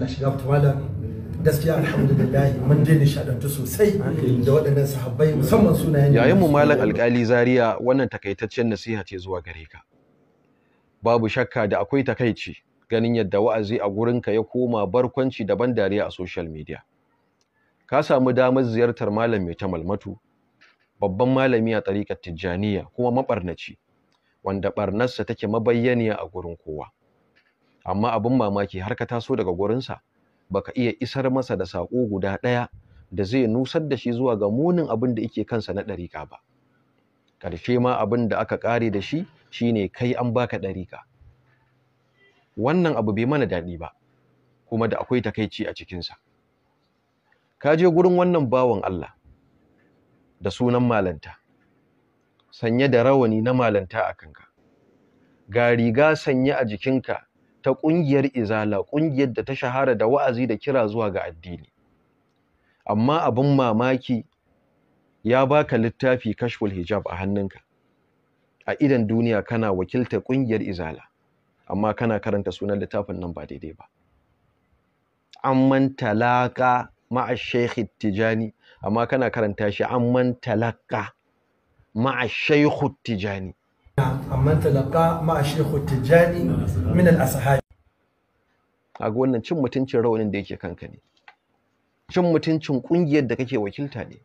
Allah shiga malam gaskiya alhamdulillah yayin mu malam alkali zaria wannan takaitaccen nasiha ce zuwa gare ka babu shakka da akwai takaici ganin yadda wa'azi a gurinka ya koma barkwanci daban dariya a social media ka samu damar ziyartar malam mai ta malmatu babban malami a tariƙar tijjaniya kuma maɓarnaci, wanda ɓarnarsa take mabayyaniya a gurin kowa amma abin mamaki har ka taso daga gurinsa baka iya isar masa da sako guda ɗaya da zai nusar da shi zuwa ga munin abin da yake kansa na ɗariƙa ba ƙarshe ma abin da aka ƙare da shi shine kai an baka ɗariƙa wannan abu bai mana daɗi ba kuma da akwai takaici a cikinsa ka je gurin wannan bawan Allah da sunan malanta sanye da rawani na malanta a kanka ga riga sanye a jikinka ta ƙungiyar izala ƙungiyar da ta shahara da wa'azi da kira zuwa ga addini amma abin mamaki ya baka littafi kashful hijab a hannunka a idan duniya kana wakiltar ƙungiyar izala amma kana karanta sunan littafin nan ba daidai ba amman talaka ma'a shaykh tijani amma kana karanta shi amman talaka ma'a shaykh tijani amman talaka ma min al wannan cin mutuncin rawanin da yake kanka ne cin mutuncin kungiyar da kake wakilta ne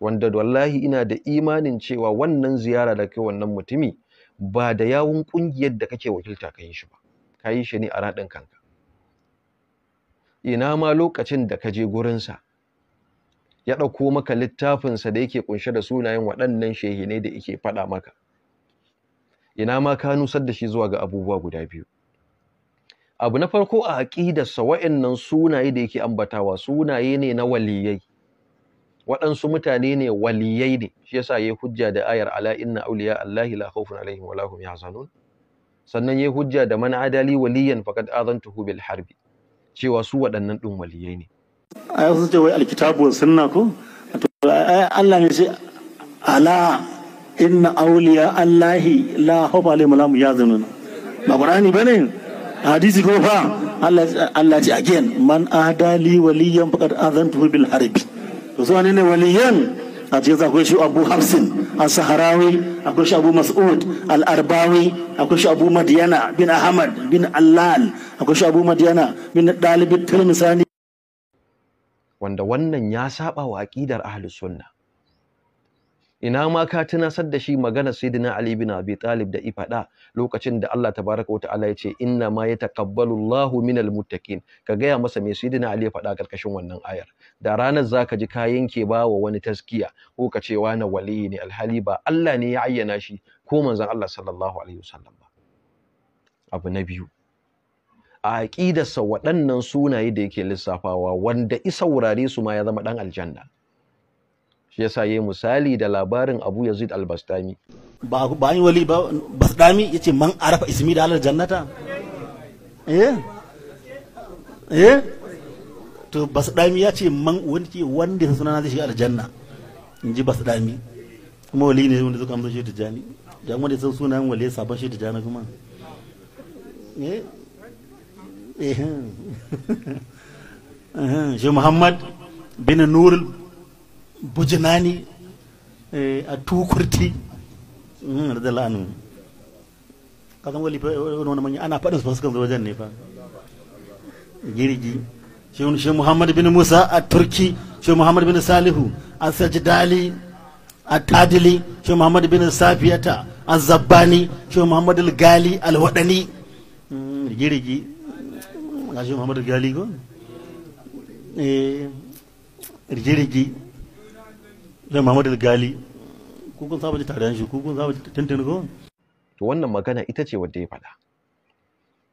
wanda wallahi ina da imanin cewa wannan ziyara da kai wannan mutumi ba da yawun kungiyar da kake wakilta ka yi shi ba ka yi shi ne a raɗin kanka ina ma lokacin da ka je gurinsa ya ɗauko maka littafinsa da yake ƙunshe da sunayen waɗannan shehinai da yake faɗa maka ina ma ka nusar da shi zuwa ga abubuwa guda biyu abu na farko a aqidarsa wa'annan sunaye da yake ambatawa sunaye ne na waliyai waɗansu mutane ne waliyai ne shi yasa yayi hujja da ayar ala inna awliya allahi la khawfun alaihim wala hum yahzanun sannan yayi hujja da man adali waliyan faqad azantuhu bil harbi cewa su waɗannan din waliyai ne ai sun ce wai alkitabu sunna ko Allah ne sai ala inna auliya allahi la haufa alaihi malamu ya zanuna ba qur'ani bane hadisi ko fa Allah ce again man adali waliyan faqad azantuhu bil harbi to so ne waliyan a cikin akwai shi abu hafsin a saharawi akwai shi abu mas'ud al-arbawi akwai shi abu madiyana bin ahmad bin allal akwai shi abu madiyana bin dalibin tilmisani wanda wannan ya saba wa aqidar ahlus sunna ina ma ka tunasar da shi magana sayyidina ali bin abi talib da ifada lokacin da Allah tabaraka wa ta'ala ya ce inna ma yataqabbalu Allahu minal muttaqin ka gaya masa me sayyidina ali ya faɗa karkashin wannan ayar da ranar zaka ji kayan ke ba wa wani taskiya ko ka ce wani wali ne alhali ba Allah ne ya ayyana shi ko manzon Allah sallallahu alaihi wasallam ba abu na biyu a aƙidarsa waɗannan sunaye da yake lissafawa wanda isa wurare su ma ya zama ɗan aljanna shi yasa yayi misali da labarin Abu Yazid al-Bastami ba ba yi wali ba Bastami yace man arafa ismi da alal jannata eh eh to Bastami ya ce man wanda ke wanda sunana zai shiga aljanna in ji Bastami kuma wali ne wanda suka amsa shi tijani dan wanda san sunan wali sabon shi tijani kuma eh eh, eh. shi Muhammad bin Nurul bujinani eh, a tukurti mm, da la'anu kasan wali wani manya ana faɗin su fasukan wajen ne fa girgi shi muhammad bin musa a turki shi muhammad bin salihu a sajidali a tadili shi muhammad bin safiyata a zabbani shi muhammad gali alwaɗani mm, girgi ga shi muhammad gali ko eh girgi da Muhammadu Gali ku kun saba tare shi ku kun saba tantance ko to wannan magana ita ce wadda ya faɗa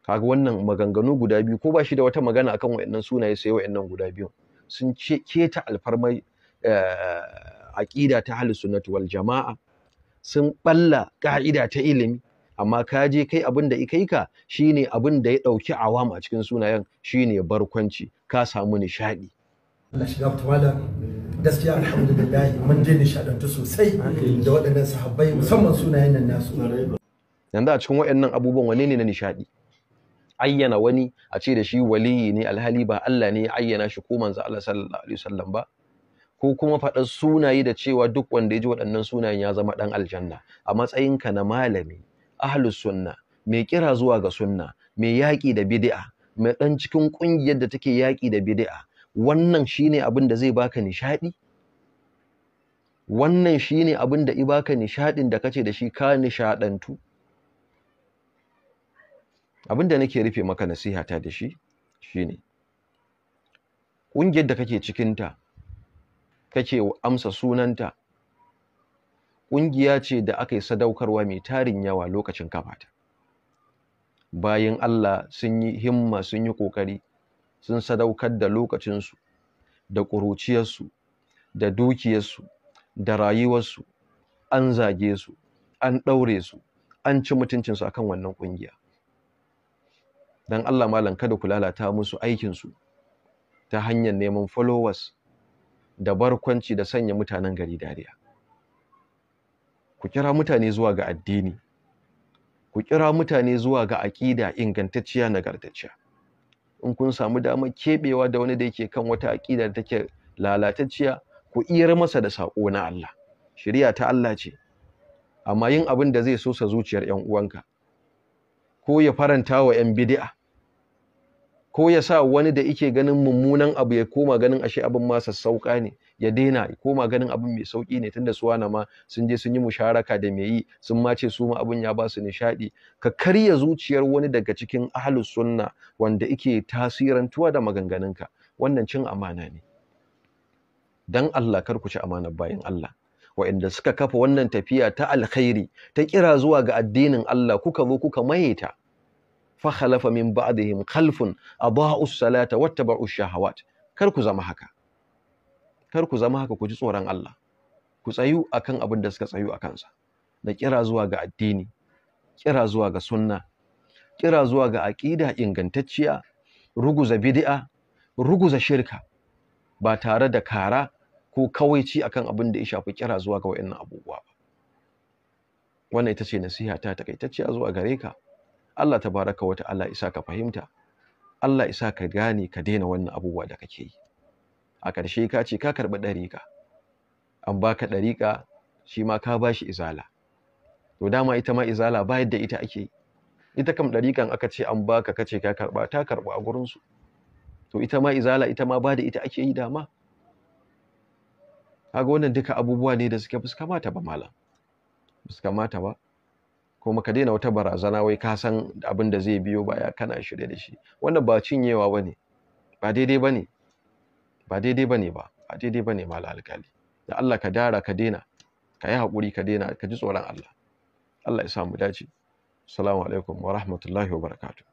kaga wannan maganganu guda biyu ko ba shi da wata magana akan wayannan sunaye sai wayannan guda biyu sun ce keta alfarmai eh, aqida ta hali sunnati wal jama'a sun balla ka'ida ta ilimi amma ka je kai abin da kai ka shine abin da ya dauki awam a cikin sunayen shine barkwanci ka samu nishadi Allah shiga tawala gaskiya alhamdulillah mun je nishadantu sosai da waɗannan sahabbai musamman sunayen nan nasu yanzu a cikin waɗannan abubuwan wane ne na nishadi ayyana wani a ce da shi waliyi ne alhali ba Allah ne ya ayyana shi ko manzo Allah sallallahu alaihi wasallam ba ko kuma faɗar sunaye da cewa duk wanda ya ji waɗannan sunayen ya zama ɗan aljanna a matsayinka na malami ahlus sunna mai kira zuwa ga sunna mai yaƙi da bid'a mai ɗan cikin ƙungiyar da take yaƙi da bid'a wannan shine abin da zai baka nishaɗi wannan shine abin da i baka nishaɗin da kace da shi ka nishaɗantu abin da nake rufe maka nasiha ta da shi shine ƙungiyar da kake cikinta kake amsa sunanta ƙungiya ce da aka sadaukarwa mai tarin yawa lokacin kafata bayan Allah sun yi himma sun yi ƙoƙari sun sadaukar da lokacinsu da ƙuruciyarsu da dukiyarsu da rayuwarsu an zage su an ɗaure su an ci mutuncinsu a kan wannan ƙungiya don Allah malam kada ku lalata musu aikinsu ta hanyar neman followers da barkwanci da sanya mutanen gari dariya ku kira mutane zuwa ga addini ku kira mutane zuwa ga aƙida ingantacciya nagartacciya in kun samu damar keɓewa da wani da yake kan wata aƙida da take lalatacciya ku iyar masa da saƙo na Allah Shirya ta Allah ce amma yin abin da zai sosa zuciyar 'yan uwanka ko ya faranta wa ƴan bid'a ko ya sa wani da yake ganin mummunan abu ya koma ganin ashe abin ma sassauƙa ne ya daina koma ganin abin mai sauki ne tunda su wanama, ma sun je sun yi musharaka da mai yi sun ma ce su ma abin ya ba su nishaɗi. ka karya zuciyar wani daga cikin ahlus sunna wanda yake tasirantuwa da maganganunka wannan cin amana ne dan Allah kar ku ci amanar bayan Allah wa'inda suka kafa wannan tafiya ta alkhairi ta kira zuwa ga addinin Allah kuka zo kuka maye ta fa khalafa min ba'dihim khalfun adaa'us salata wattaba'ush shahawat kar ku zama haka kar ku zama haka ku ji tsoron Allah ku tsayu akan abin da suka tsayu a kansa da kira zuwa ga addini kira zuwa ga sunna kira zuwa ga aqida ingantacciya ruguza bid'a ruguza shirka ba tare da kara ko kawaici akan abin da ya shafi kira zuwa ga wayannan abubuwa ba wannan ita ce nasiha ta takaitacciya zuwa gare ka Allah tabaraka wata ta'ala isa ka fahimta Allah isa ka gane ka daina wannan abubuwa da kake yi a ƙarshe ka ce ka karɓi ɗariƙa an baka ɗariƙa shi ma ka ba shi izala to dama ita ma izala ba yadda ita ake ita kam ɗariƙan aka ce an baka kace ka karɓa ta karɓa a gurinsu to ita ma izala ita ma ba da ita ake yi dama kaga wannan duka abubuwa ne da suke ba kamata ba malam ba kamata ba kuma ka daina wata barazana wai ka san abin da zai biyo baya kana shirye da shi wannan ba cinyewa ne ba daidai ba ne. ba daidai bane ba ba daidai bane mala alkali da Allah ka dara ka daina, ka yi hakuri ka daina, ka ji tsoron Allah Allah ya sa mu dace assalamu alaikum wa rahmatullahi wa barakatuh